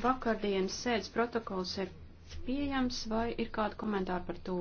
Vakardienas sēdes protokols ir pieejams vai ir kādi komentāri par to?